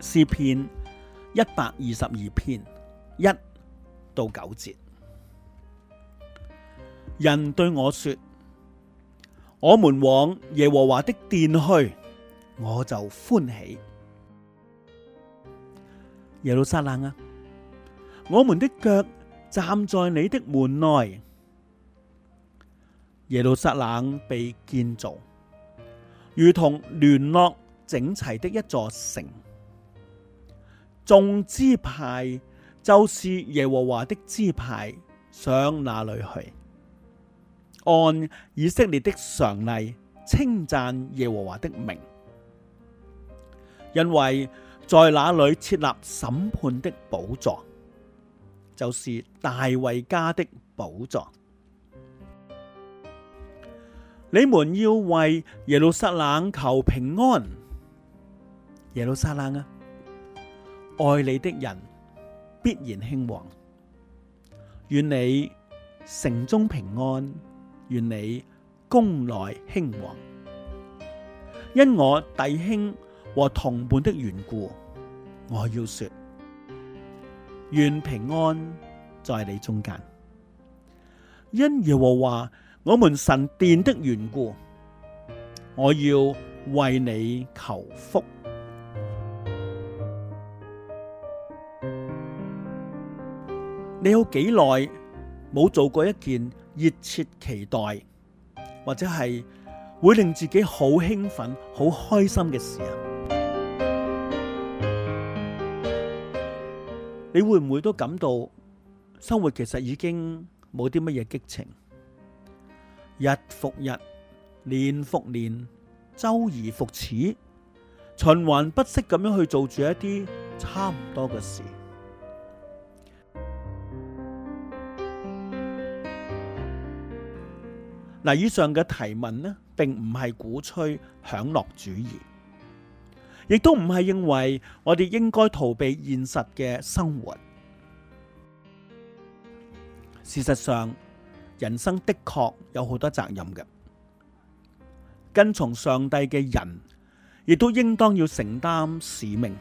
詩篇一百二十二篇一到九節，人對我說，我們往耶和華的殿去，我就歡喜。耶路撒冷啊，我們的腳站在你的門內，耶路撒冷被建造，如同聯絡整齊的一座城。眾支派就是耶和華的支派，上哪裏去？按以色列的常例，稱讚耶和華的名，因為在那裏設立審判的寶座，就是大衛家的寶座。你們要為耶路撒冷求平安，耶路撒冷啊！愛你的人必然興旺，願你城中平安，願你宮內興旺。因我弟兄和同伴的緣故，我要說願平安在你中間。因耶和華我們神殿的緣故，我要為你求福。你有幾耐冇做過一件熱切期待，或者係會令自己好興奮、好開心嘅事啊？你會唔會都感到生活其實已經冇啲乜嘢激情？日復日，年復年，周而復始，循環不息咁樣去做住一啲差唔多嘅事。嗱，以上嘅提問呢，並唔係鼓吹享樂主義，亦都唔係認為我哋應該逃避現實嘅生活。事實上，人生的確有好多責任嘅，跟從上帝嘅人，亦都應當要承擔使命。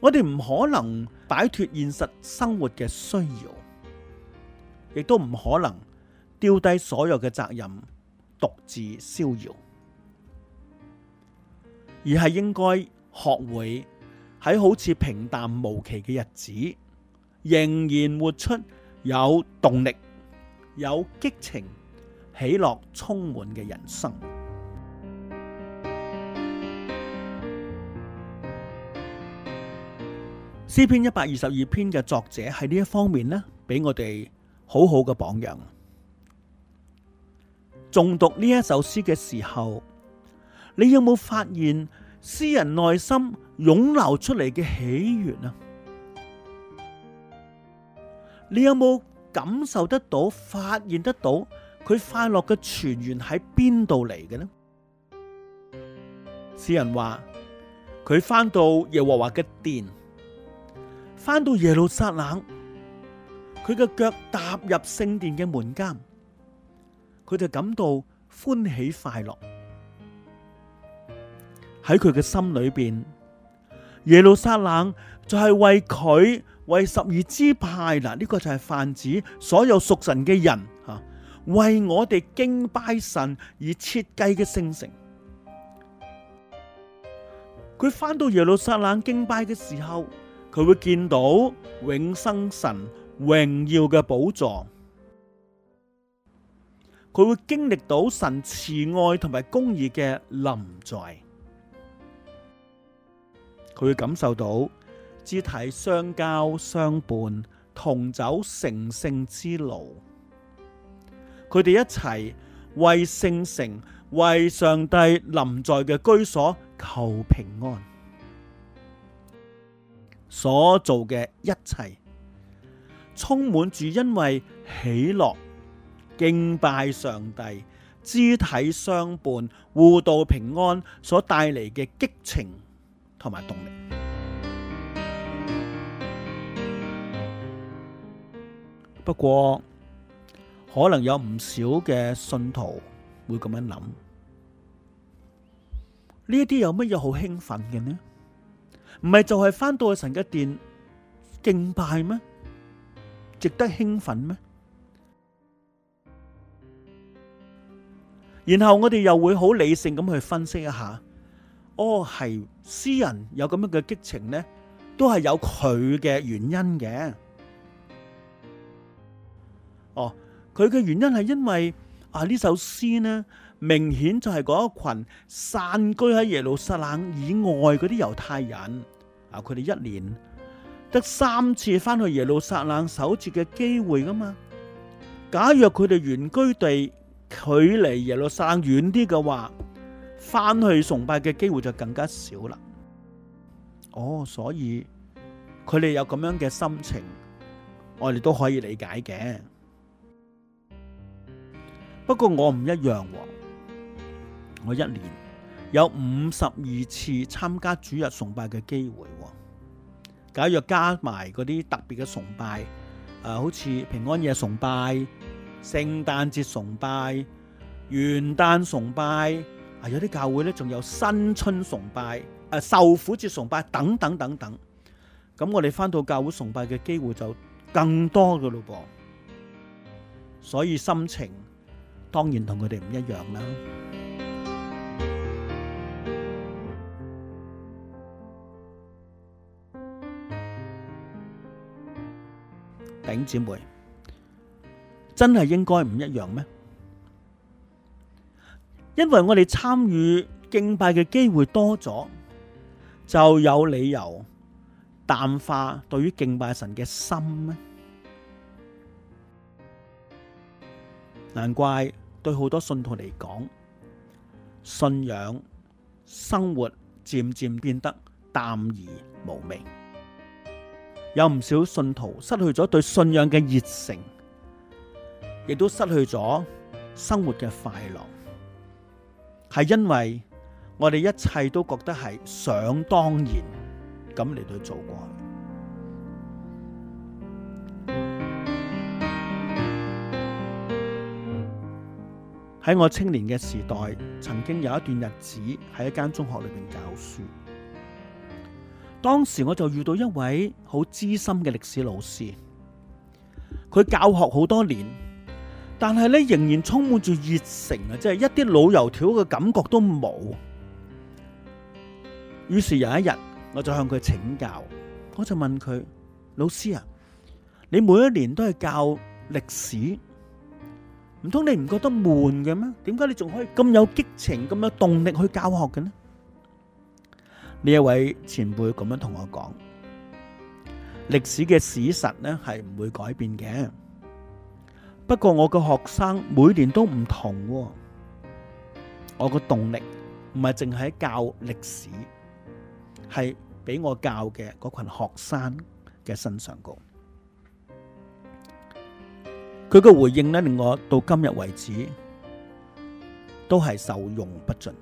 我哋唔可能擺脫現實生活嘅需要。亦都唔可能丟低所有嘅責任，獨自逍遙，而係應該學會喺好似平淡無奇嘅日子，仍然活出有動力、有激情、喜樂充滿嘅人生。詩篇一百二十二篇嘅作者喺呢一方面呢，俾我哋。好好嘅榜樣。誦讀呢一首詩嘅時候，你有冇發現詩人內心湧流出嚟嘅喜悦啊？你有冇感受得到，發現得到佢快樂嘅泉源喺邊度嚟嘅呢？詩人話：佢翻到耶和華嘅殿，翻到耶路撒冷。佢嘅腳踏入聖殿嘅門間，佢就感到歡喜快樂。喺佢嘅心裏邊，耶路撒冷就係為佢為十二支派嗱，呢個就係泛指所有屬神嘅人吓，為我哋敬拜神而設計嘅聖城。佢翻到耶路撒冷敬拜嘅時候，佢會見到永生神，榮耀嘅寶藏，佢會經歷到神慈愛同埋公義嘅臨在，佢會感受到肢體相交相伴，同走成聖之路。佢哋一齊為聖城、為上帝臨在嘅居所求平安，所做嘅一切。充滿住，因為喜樂、敬拜上帝、肢體相伴、互道平安所帶嚟嘅激情同埋動力。不過可能有唔少嘅信徒會咁樣諗，呢一啲有乜嘢好興奮嘅呢？唔係就係返到去神嘅殿敬拜咩？值得興奮咩？然後我哋又會好理性咁去分析一下，哦，係詩人有咁樣嘅激情呢，都係有佢嘅原因嘅。哦，佢嘅原因係因為啊呢首詩呢，明顯就係嗰一群散居喺耶路撒冷以外嗰啲猶太人啊，佢哋一年得三次翻去耶路撒冷守節嘅機會噶嘛？假若佢哋原居地距離耶路撒冷遠啲嘅話，翻去崇拜嘅機會就更加少啦。哦，所以佢哋有咁樣嘅心情，我哋都可以理解嘅。不過我唔一樣，我一年有五十二次參加主日崇拜嘅機會。假若加埋嗰啲特別嘅崇拜，誒、呃、好似平安夜崇拜、聖誕節崇拜、元旦崇拜，啊有啲教會呢仲有新春崇拜、誒、呃、受苦節崇拜等等等等，咁我哋返到教會崇拜嘅機會就更多嘅咯噃，所以心情當然同佢哋唔一樣啦。姐妹真係應該唔一樣咩？因為我哋參與敬拜嘅機會多咗，就有理由淡化對於敬拜神嘅心咩？難怪對好多信徒嚟講，信仰生活漸漸變得淡而無味。有唔少信徒失去咗對信仰嘅熱誠，亦都失去咗生活嘅快樂，係因為我哋一切都覺得係想當然咁嚟到做過。喺我青年嘅時代，曾經有一段日子喺一間中學裏邊教書。當時我就遇到一位好資深嘅歷史老師，佢教學好多年，但係咧仍然充滿住熱誠啊，即係一啲老油條嘅感覺都冇。於是有一日，我就向佢請教，我就問佢：老師啊，你每一年都係教歷史，唔通你唔覺得悶嘅咩？點解你仲可以咁有激情、咁有動力去教學嘅呢？呢一位前輩咁樣同我講，歷史嘅史實呢係唔會改變嘅。不過我個學生每年都唔同的，我個動力唔係淨係教歷史，係俾我教嘅嗰群學生嘅身上高。佢嘅回應呢，令我到今日為止都係受用不盡。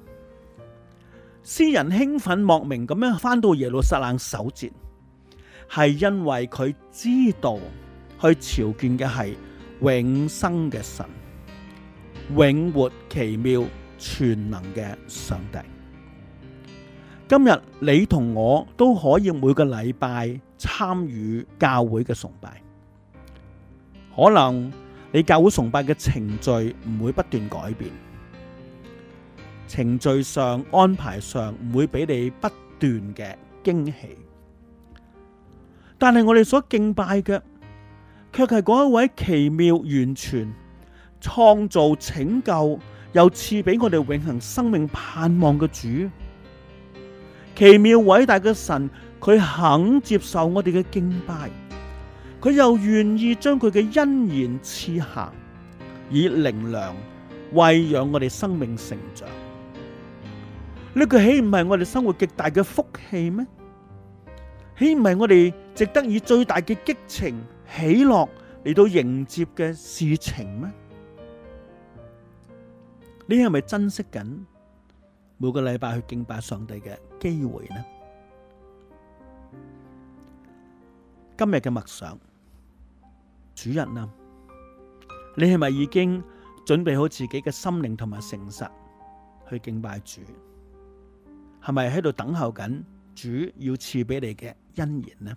詩人興奮莫名咁樣返到耶路撒冷守節，係因為佢知道去朝見嘅係永生嘅神，永活奇妙全能嘅上帝。今日你同我都可以每個禮拜參與教會嘅崇拜，可能你教會崇拜嘅程序唔會不斷改變。程序上安排上唔會俾你不斷嘅驚喜，但係我哋所敬拜嘅，卻係嗰一位奇妙完全創造拯救又賜俾我哋永恒生命盼望嘅主。奇妙偉大嘅神，佢肯接受我哋嘅敬拜，佢又願意將佢嘅恩言賜下以靈糧餵養我哋生命成長。呢個豈唔係我哋生活極大嘅福氣咩？豈唔係我哋值得以最大嘅激情喜樂嚟到迎接嘅事情咩？你係咪珍惜緊每個禮拜去敬拜上帝嘅機會呢？今日嘅默想，主人啊，你係咪已經準備好自己嘅心靈同埋誠實去敬拜主？係咪喺度等候緊主要賜俾你嘅恩言呢？